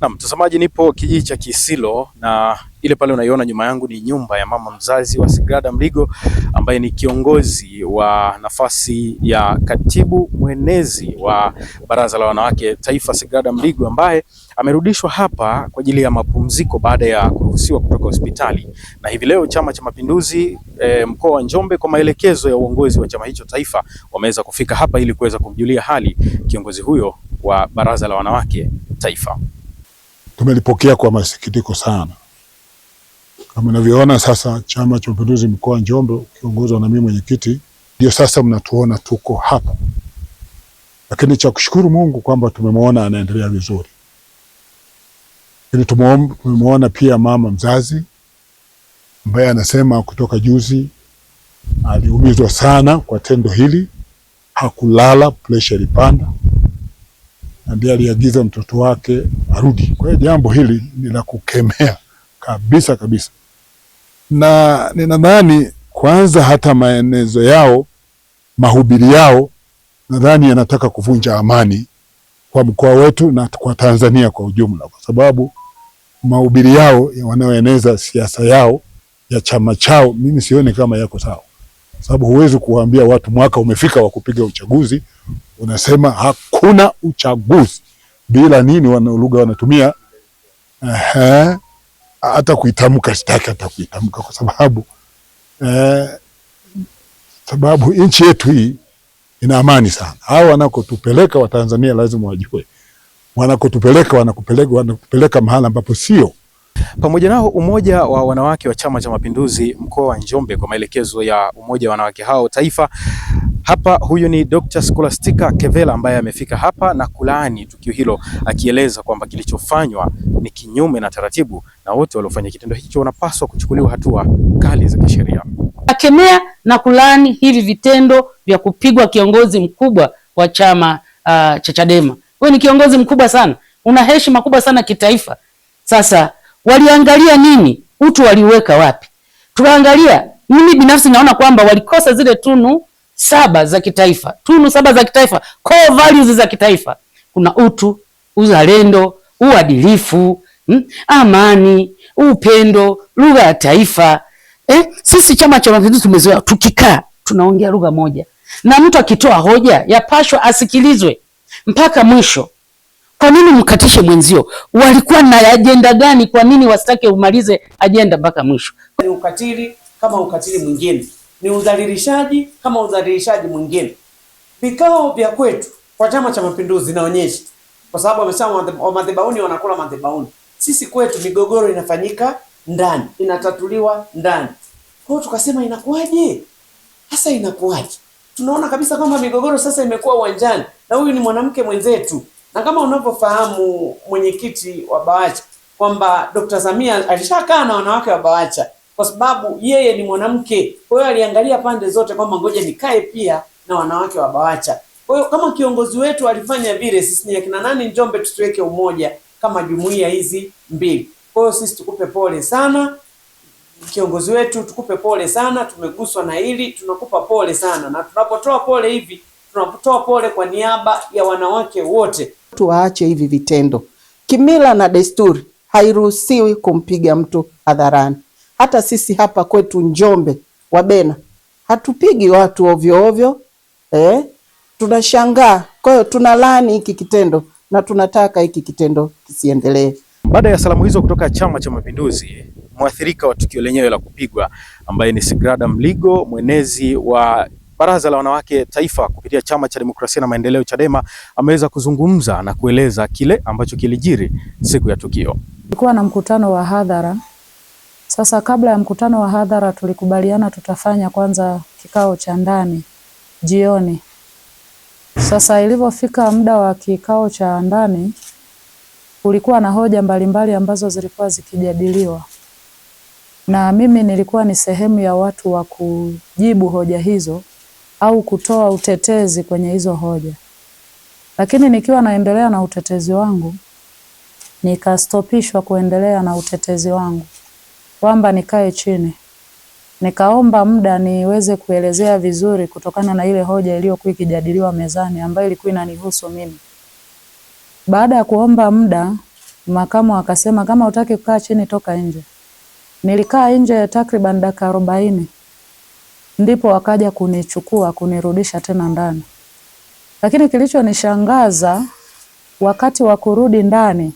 Na mtazamaji, nipo kijiji cha Kisilo na ile pale unaiona nyuma yangu ni nyumba ya mama mzazi wa Sigrada Mligo ambaye ni kiongozi wa nafasi ya katibu mwenezi wa Baraza la Wanawake Taifa, Sigrada Mligo ambaye amerudishwa hapa kwa ajili ya mapumziko baada ya kuruhusiwa kutoka hospitali. Na hivi leo Chama cha Mapinduzi e, mkoa wa Njombe kwa maelekezo ya uongozi wa chama hicho taifa wameweza kufika hapa ili kuweza kumjulia hali kiongozi huyo wa Baraza la Wanawake Taifa tumelipokea kwa masikitiko sana. Kama unavyoona sasa, Chama cha Mapinduzi mkoa wa Njombe ukiongozwa na mimi mwenyekiti, ndio sasa mnatuona tuko hapa, lakini cha kushukuru Mungu kwamba tumemwona anaendelea vizuri, lakini tumemwona pia mama mzazi ambaye anasema kutoka juzi aliumizwa sana kwa tendo hili, hakulala, presha ilipanda na ndiye aliagiza mtoto wake arudi. Kwa hiyo jambo hili ni la kukemea kabisa kabisa, na ninadhani kwanza hata maenezo yao mahubiri yao nadhani yanataka kuvunja amani kwa mkoa wetu na kwa Tanzania kwa ujumla, kwa sababu mahubiri yao wanaoeneza siasa yao ya chama chao, mimi sioni kama yako sawa sababu huwezi kuwaambia watu mwaka umefika wa kupiga uchaguzi, unasema hakuna uchaguzi bila nini, wana lugha wanatumia ehe, hata kuitamka sitaki hata kuitamka kwa sababu eh, sababu nchi yetu hii ina amani sana. Hao wanakotupeleka Watanzania lazima wajue wanakotupeleka wanakupeleka wanakupeleka mahala ambapo sio pamoja nao umoja wa wanawake wa Chama cha Mapinduzi mkoa wa Njombe kwa maelekezo ya umoja wa wanawake hao taifa. Hapa huyu ni Dr. Scholastica Kevela ambaye amefika hapa na kulaani tukio hilo, akieleza kwamba kilichofanywa ni kinyume na taratibu na wote waliofanya kitendo hicho wanapaswa kuchukuliwa hatua kali za kisheria. Akemea na kulaani hivi vitendo vya kupigwa kiongozi mkubwa wa chama uh, cha Chadema. Wewe ni kiongozi mkubwa sana, una heshima kubwa sana kitaifa. Sasa Waliangalia nini? Utu waliuweka wapi? Tukaangalia, mimi binafsi naona kwamba walikosa zile tunu saba za kitaifa, tunu saba za kitaifa, core values za kitaifa. Kuna utu, uzalendo, uadilifu, mm, amani, upendo, lugha ya taifa. Eh, sisi Chama cha Mapinduzi tumezoea tukikaa tunaongea lugha moja, na mtu akitoa hoja yapashwa asikilizwe mpaka mwisho. Kwa nini mkatishe mwenzio? Walikuwa na ajenda gani? Kwa nini wasitake umalize ajenda mpaka mwisho? Ni ukatili kama ukatili mwingine, ni udhalilishaji kama udhalilishaji mwingine. Vikao vya kwetu kwa Chama cha Mapinduzi naonyesha, kwa sababu wamesema wa madhebauni wanakula madhebauni. Sisi kwetu migogoro inafanyika ndani, inatatuliwa ndani. Kwa hiyo tukasema inakuwaje sasa, inakuwaje? Tunaona kabisa kwamba migogoro sasa imekuwa uwanjani, na huyu ni mwanamke mwenzetu na kama unavyofahamu mwenyekiti wa BAWACHA kwamba Dr. Samia alishakaa na wanawake wa BAWACHA kwa sababu yeye ni mwanamke. Kwa hiyo aliangalia pande zote kwamba ngoja nikae pia na wanawake wa BAWACHA. Kwa hiyo kama kiongozi wetu alifanya vile, sisi ni akina nani Njombe, tutuweke umoja kama jumuiya hizi mbili. Kwa hiyo sisi tukupe pole sana kiongozi wetu, tukupe pole sana, tumeguswa na hili, tunakupa pole sana, na tunapotoa pole hivi tunapotoa pole kwa niaba ya wanawake wote tuache waache hivi vitendo. Kimila na desturi hairuhusiwi kumpiga mtu hadharani. Hata sisi hapa kwetu Njombe, Wabena hatupigi watu ovyo ovyo eh? Tunashangaa. Kwa hiyo tunalaani hiki kitendo na tunataka hiki kitendo kisiendelee. Baada ya salamu hizo kutoka Chama cha Mapinduzi, mwathirika wa tukio lenyewe la kupigwa ambaye ni Sigrada Mligo, mwenezi wa Baraza la Wanawake Taifa kupitia Chama cha Demokrasia na Maendeleo Chadema ameweza kuzungumza na kueleza kile ambacho kilijiri siku ya tukio. Kulikuwa na mkutano wa hadhara. Sasa kabla ya mkutano wa hadhara tulikubaliana tutafanya kwanza kikao cha ndani jioni. Sasa ilivyofika muda wa kikao cha ndani kulikuwa na hoja mbalimbali ambazo zilikuwa zikijadiliwa na mimi nilikuwa ni sehemu ya watu wa kujibu hoja hizo au kutoa utetezi kwenye hizo hoja. Lakini nikiwa naendelea na utetezi wangu, nikastopishwa kuendelea na utetezi wangu, kwamba nikae chini nikaomba muda niweze kuelezea vizuri kutokana na ile hoja iliyokuwa ikijadiliwa mezani ambayo ilikuwa inanihusu mimi. Baada ya kuomba muda, makamu akasema kama utaki kukaa chini, toka nje. Nilikaa nje takriban dakika arobaini ndipo wakaja kunichukua kunirudisha tena ndani. Lakini kilichonishangaza wakati wa kurudi ndani,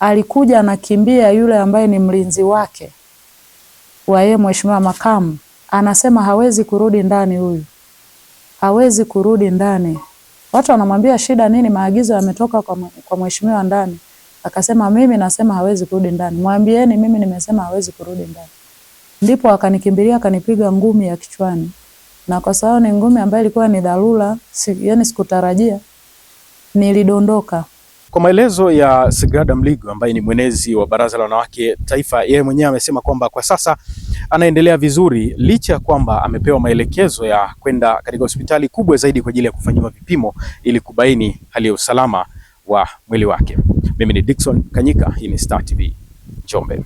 alikuja anakimbia yule ambaye ni mlinzi wake wa yeye mheshimiwa makamu, anasema hawezi kurudi ndani, huyu hawezi kurudi ndani. Watu wanamwambia shida nini? Maagizo yametoka kwa mheshimiwa ndani. Akasema mimi nasema hawezi kurudi ndani, mwambieni mimi nimesema hawezi kurudi ndani. Ndipo akanikimbilia akanipiga ngumi ya kichwani, na kwa sababu ni ngumi ambayo ilikuwa ni dharura, si, yani sikutarajia, nilidondoka. Kwa maelezo ya Sigrada Mligo ambaye ni mwenezi wa Baraza la Wanawake Taifa, yeye mwenyewe amesema kwamba kwa sasa anaendelea vizuri licha ya kwamba amepewa maelekezo ya kwenda katika hospitali kubwa zaidi kwa ajili ya kufanyiwa vipimo ili kubaini hali ya usalama wa mwili wake. Mimi ni Dickson Kanyika, hii ni Star TV Njombe.